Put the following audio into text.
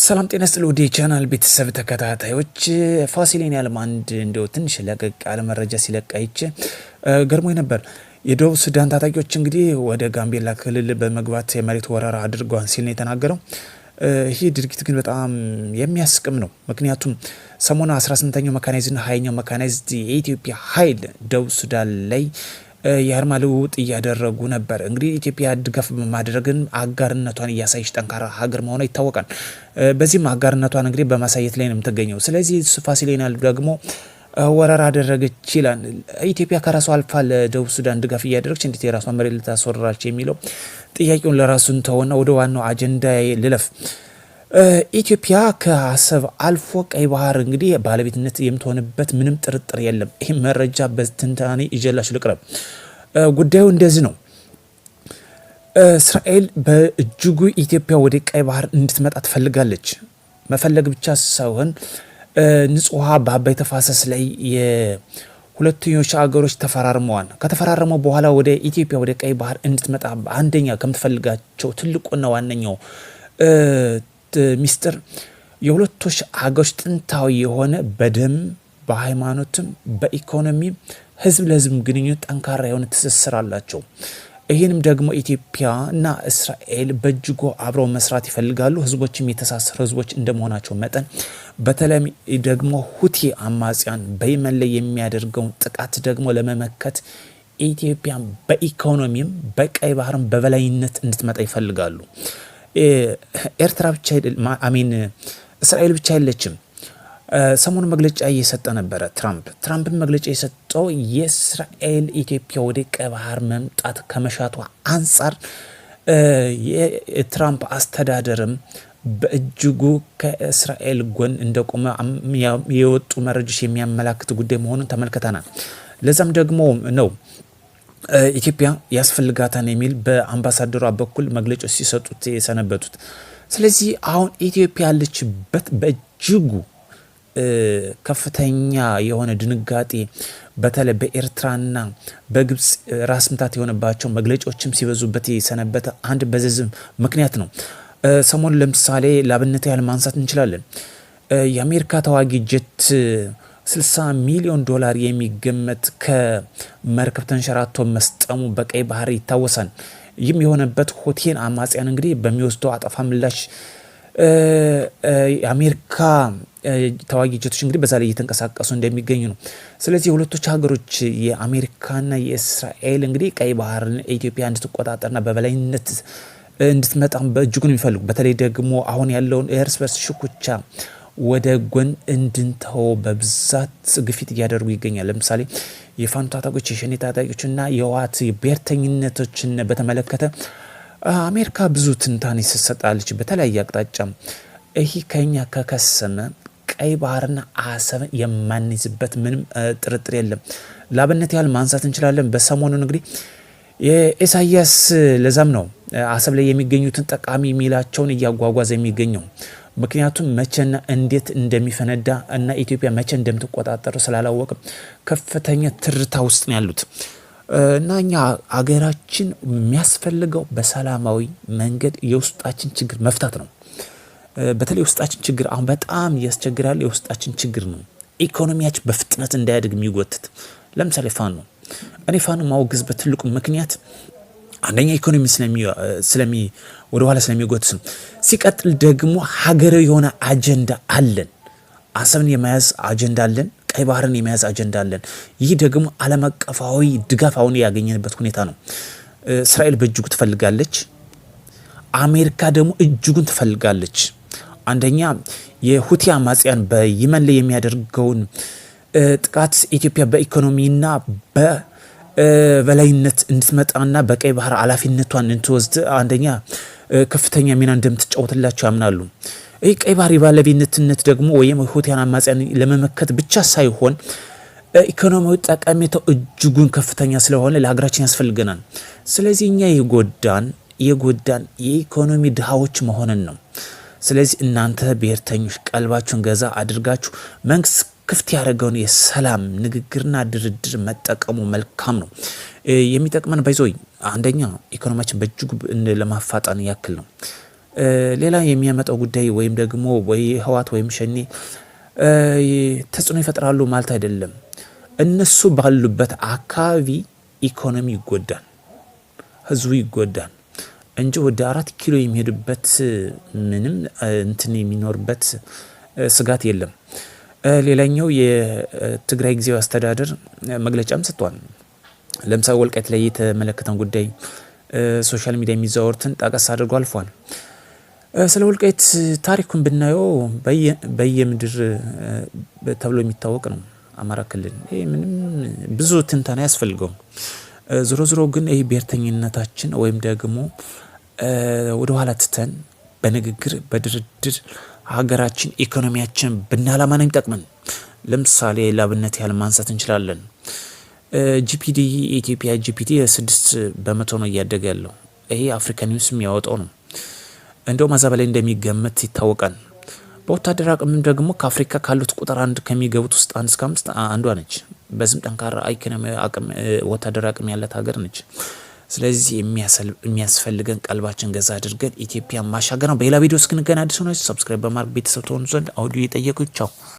ሰላም ጤና ስጥል ለውዴ ቻናል ቤተሰብ ተከታታዮች ፋሲሌን ያለም አንድ እንደው ትንሽ ለቀቅ ያለ መረጃ ሲለቅ አይቼ ገርሞ ነበር። የደቡብ ሱዳን ታጣቂዎች እንግዲህ ወደ ጋምቤላ ክልል በመግባት የመሬት ወረራ አድርጓል ሲል ነው የተናገረው። ይህ ድርጊት ግን በጣም የሚያስቅም ነው። ምክንያቱም ሰሞኑ 18ኛው መካናይዝና ኛው መካናይዝድ የኢትዮጵያ ኃይል ደቡብ ሱዳን ላይ የአርማ ልውውጥ እያደረጉ ነበር። እንግዲህ ኢትዮጵያ ድጋፍ በማድረግን አጋርነቷን እያሳየች ጠንካራ ሀገር መሆኗ ይታወቃል። በዚህም አጋርነቷን እንግዲህ በማሳየት ላይ ነው የምትገኘው። ስለዚህ ፋሲሌና ደግሞ ወረራ አደረገች ይላል። ኢትዮጵያ ከራሷ አልፋ ለደቡብ ሱዳን ድጋፍ እያደረገች እንዴት የራሷ መሬት ልታስወረራች የሚለው ጥያቄውን ለራሱን ተሆና ወደ ዋናው አጀንዳ ልለፍ። ኢትዮጵያ ከአሰብ አልፎ ቀይ ባህር እንግዲህ ባለቤትነት የምትሆንበት ምንም ጥርጥር የለም። ይህ መረጃ በትንታኔ ይዤላችሁ ልቅረብ። ጉዳዩ እንደዚህ ነው። እስራኤል በእጅጉ ኢትዮጵያ ወደ ቀይ ባህር እንድትመጣ ትፈልጋለች። መፈለግ ብቻ ሳይሆን ንጹህ ውሃ በአባይ ተፋሰስ ላይ የሁለተኞች አገሮች ተፈራርመዋል። ከተፈራረመ በኋላ ወደ ኢትዮጵያ ወደ ቀይ ባህር እንድትመጣ አንደኛ ከምትፈልጋቸው ትልቁና ዋነኛው ሚስጥር የሁለቶች አገሮች ጥንታዊ የሆነ በደም በሃይማኖትም በኢኮኖሚም ህዝብ ለህዝብ ግንኙነት ጠንካራ የሆነ ትስስር አላቸው። ይህንም ደግሞ ኢትዮጵያ እና እስራኤል በእጅጉ አብረው መስራት ይፈልጋሉ። ህዝቦችም የተሳሰሩ ህዝቦች እንደመሆናቸው መጠን በተለይ ደግሞ ሁቲ አማጽያን በየመን ላይ የሚያደርገውን ጥቃት ደግሞ ለመመከት ኢትዮጵያን በኢኮኖሚም በቀይ ባህርም በበላይነት እንድትመጣ ይፈልጋሉ። ኤርትራ ብቻ አሚን እስራኤል ብቻ አይደለችም። ሰሞኑ መግለጫ እየሰጠ ነበረ ትራምፕ። ትራምፕን መግለጫ የሰጠው የእስራኤል ኢትዮጵያ ወደ ቀይ ባህር መምጣት ከመሻቷ አንጻር የትራምፕ አስተዳደርም በእጅጉ ከእስራኤል ጎን እንደቆመ የወጡ መረጃዎች የሚያመላክት ጉዳይ መሆኑን ተመልክተናል። ለዛም ደግሞ ነው ኢትዮጵያ ያስፈልጋታን የሚል በአምባሳደሯ በኩል መግለጫዎች ሲሰጡት የሰነበቱት። ስለዚህ አሁን ኢትዮጵያ ያለችበት በእጅጉ ከፍተኛ የሆነ ድንጋጤ በተለይ በኤርትራና በግብፅ ራስ ምታት የሆነባቸው መግለጫዎችም ሲበዙበት የሰነበተ አንድ በዘዝም ምክንያት ነው። ሰሞኑ ለምሳሌ ላብነት ያህል ማንሳት እንችላለን። የአሜሪካ ተዋጊ ጀት 60 ሚሊዮን ዶላር የሚገመት ከመርከብ ተንሸራቶ መስጠሙ በቀይ ባህር ይታወሳል። ይህም የሆነበት ሁቲን አማጽያን እንግዲህ በሚወስደው አጠፋ ምላሽ የአሜሪካ ተዋጊ ጀቶች እንግዲህ በዛ ላይ እየተንቀሳቀሱ እንደሚገኙ ነው። ስለዚህ የሁለቶች ሀገሮች የአሜሪካና የእስራኤል እንግዲህ ቀይ ባህርን ኢትዮጵያ እንድትቆጣጠርና በበላይነት እንድትመጣ በእጅጉን የሚፈልጉ። በተለይ ደግሞ አሁን ያለውን የእርስ በርስ ሽኩቻ ወደ ጎን እንድንተው በብዛት ግፊት እያደረጉ ይገኛል። ለምሳሌ የፋኖ ታጣቂዎች፣ የሸኔ ና የዋት ብሔርተኝነቶችን በተመለከተ አሜሪካ ብዙ ትንታኔ ስትሰጣለች በተለያየ አቅጣጫ። ይህ ከኛ ከከሰመ ቀይ ባህርና አሰብ የማንይዝበት ምንም ጥርጥር የለም። ላብነት ያህል ማንሳት እንችላለን። በሰሞኑ እንግዲህ የኢሳያስ ለዛም ነው አሰብ ላይ የሚገኙትን ጠቃሚ ሚላቸውን እያጓጓዘ የሚገኘው ምክንያቱም መቼና እንዴት እንደሚፈነዳ እና ኢትዮጵያ መቼ እንደምትቆጣጠር ስላላወቅም ከፍተኛ ትርታ ውስጥ ነው ያሉት እና እኛ አገራችን የሚያስፈልገው በሰላማዊ መንገድ የውስጣችን ችግር መፍታት ነው። በተለይ የውስጣችን ችግር አሁን በጣም እያስቸግራል። የውስጣችን ችግር ነው ኢኮኖሚያችን በፍጥነት እንዳያድግ የሚጎትት ለምሳሌ ፋኖ እኔ ፋኖ ማወግዝ ትልቁ ምክንያት አንደኛ ኢኮኖሚ ስለሚ ወደኋላ ስለሚጎትስ ነው። ሲቀጥል ደግሞ ሀገራዊ የሆነ አጀንዳ አለን። አሰብን የመያዝ አጀንዳ አለን። ቀይ ባህርን የመያዝ አጀንዳ አለን። ይህ ደግሞ ዓለም አቀፋዊ ድጋፍ አሁን ያገኘንበት ሁኔታ ነው። እስራኤል በእጅጉ ትፈልጋለች። አሜሪካ ደግሞ እጅጉን ትፈልጋለች። አንደኛ የሁቲ አማጽያን በየመን ላይ የሚያደርገውን ጥቃት ኢትዮጵያ በኢኮኖሚና በላይነት እንድትመጣና በቀይ ባህር ኃላፊነቷን እንትወስድ አንደኛ ከፍተኛ ሚና እንደምትጫወትላቸው ያምናሉ። ይህ ቀይ ባህር የባለቤትነት ደግሞ ወይም ሁቲያን አማጽያን ለመመከት ብቻ ሳይሆን ኢኮኖሚያዊ ጠቀሜታው እጅጉን ከፍተኛ ስለሆነ ለሀገራችን ያስፈልገናል። ስለዚህ እኛ የጎዳን የጎዳን የኢኮኖሚ ድሃዎች መሆንን ነው። ስለዚህ እናንተ ብሔርተኞች ቀልባችሁን ገዛ አድርጋችሁ መንግስት ክፍት ያደረገውን የሰላም ንግግርና ድርድር መጠቀሙ መልካም ነው። የሚጠቅመን ባይዞ አንደኛ ኢኮኖሚያችን በእጅጉ ለማፋጠን ያክል ነው። ሌላ የሚያመጣው ጉዳይ ወይም ደግሞ ወይ ህዋት ወይም ሸኔ ተጽዕኖ ይፈጥራሉ ማለት አይደለም። እነሱ ባሉበት አካባቢ ኢኮኖሚ ይጎዳል፣ ህዝቡ ይጎዳል እንጂ ወደ አራት ኪሎ የሚሄዱበት ምንም እንትን የሚኖርበት ስጋት የለም። ሌላኛው የትግራይ ጊዜያዊ አስተዳደር መግለጫም ሰጥቷል። ለምሳሌ ወልቃይት ላይ የተመለከተን ጉዳይ ሶሻል ሚዲያ የሚዘዋወሩትን ጣቀስ አድርጎ አልፏል። ስለ ወልቃይት ታሪኩን ብናየው በየምድር ተብሎ የሚታወቅ ነው አማራ ክልል። ይህ ምንም ብዙ ትንተና አያስፈልገውም። ዞሮ ዞሮ ግን ይህ ብሔርተኝነታችን ወይም ደግሞ ወደኋላ ትተን በንግግር በድርድር ሀገራችን ኢኮኖሚያችን ብናላማ ነው የሚጠቅመን። ለምሳሌ ላብነት ያህል ማንሳት እንችላለን። ጂፒዲ የኢትዮጵያ ጂፒዲ ስድስት በመቶ ነው እያደገ ያለው። ይሄ አፍሪካ ኒውስ የሚያወጣው ነው። እንደውም አዛ በላይ እንደሚገመት ይታወቃል። በወታደር አቅምም ደግሞ ከአፍሪካ ካሉት ቁጥር አንድ ከሚገቡት ውስጥ አንድ እስከ አምስት አንዷ ነች። በዚህም ጠንካራ ኢኮኖሚ አቅም ወታደር አቅም ያላት ሀገር ነች። ስለዚህ የሚያስፈልገን ቀልባችን ገዛ አድርገን ኢትዮጵያን ማሻገር ነው። በሌላ ቪዲዮ እስክንገና አዲሱ ነ ሰብስክራይብ በማድረግ ቤተሰብ ትሆኑ ዘንድ አውዲዮ የጠየቁ ቻው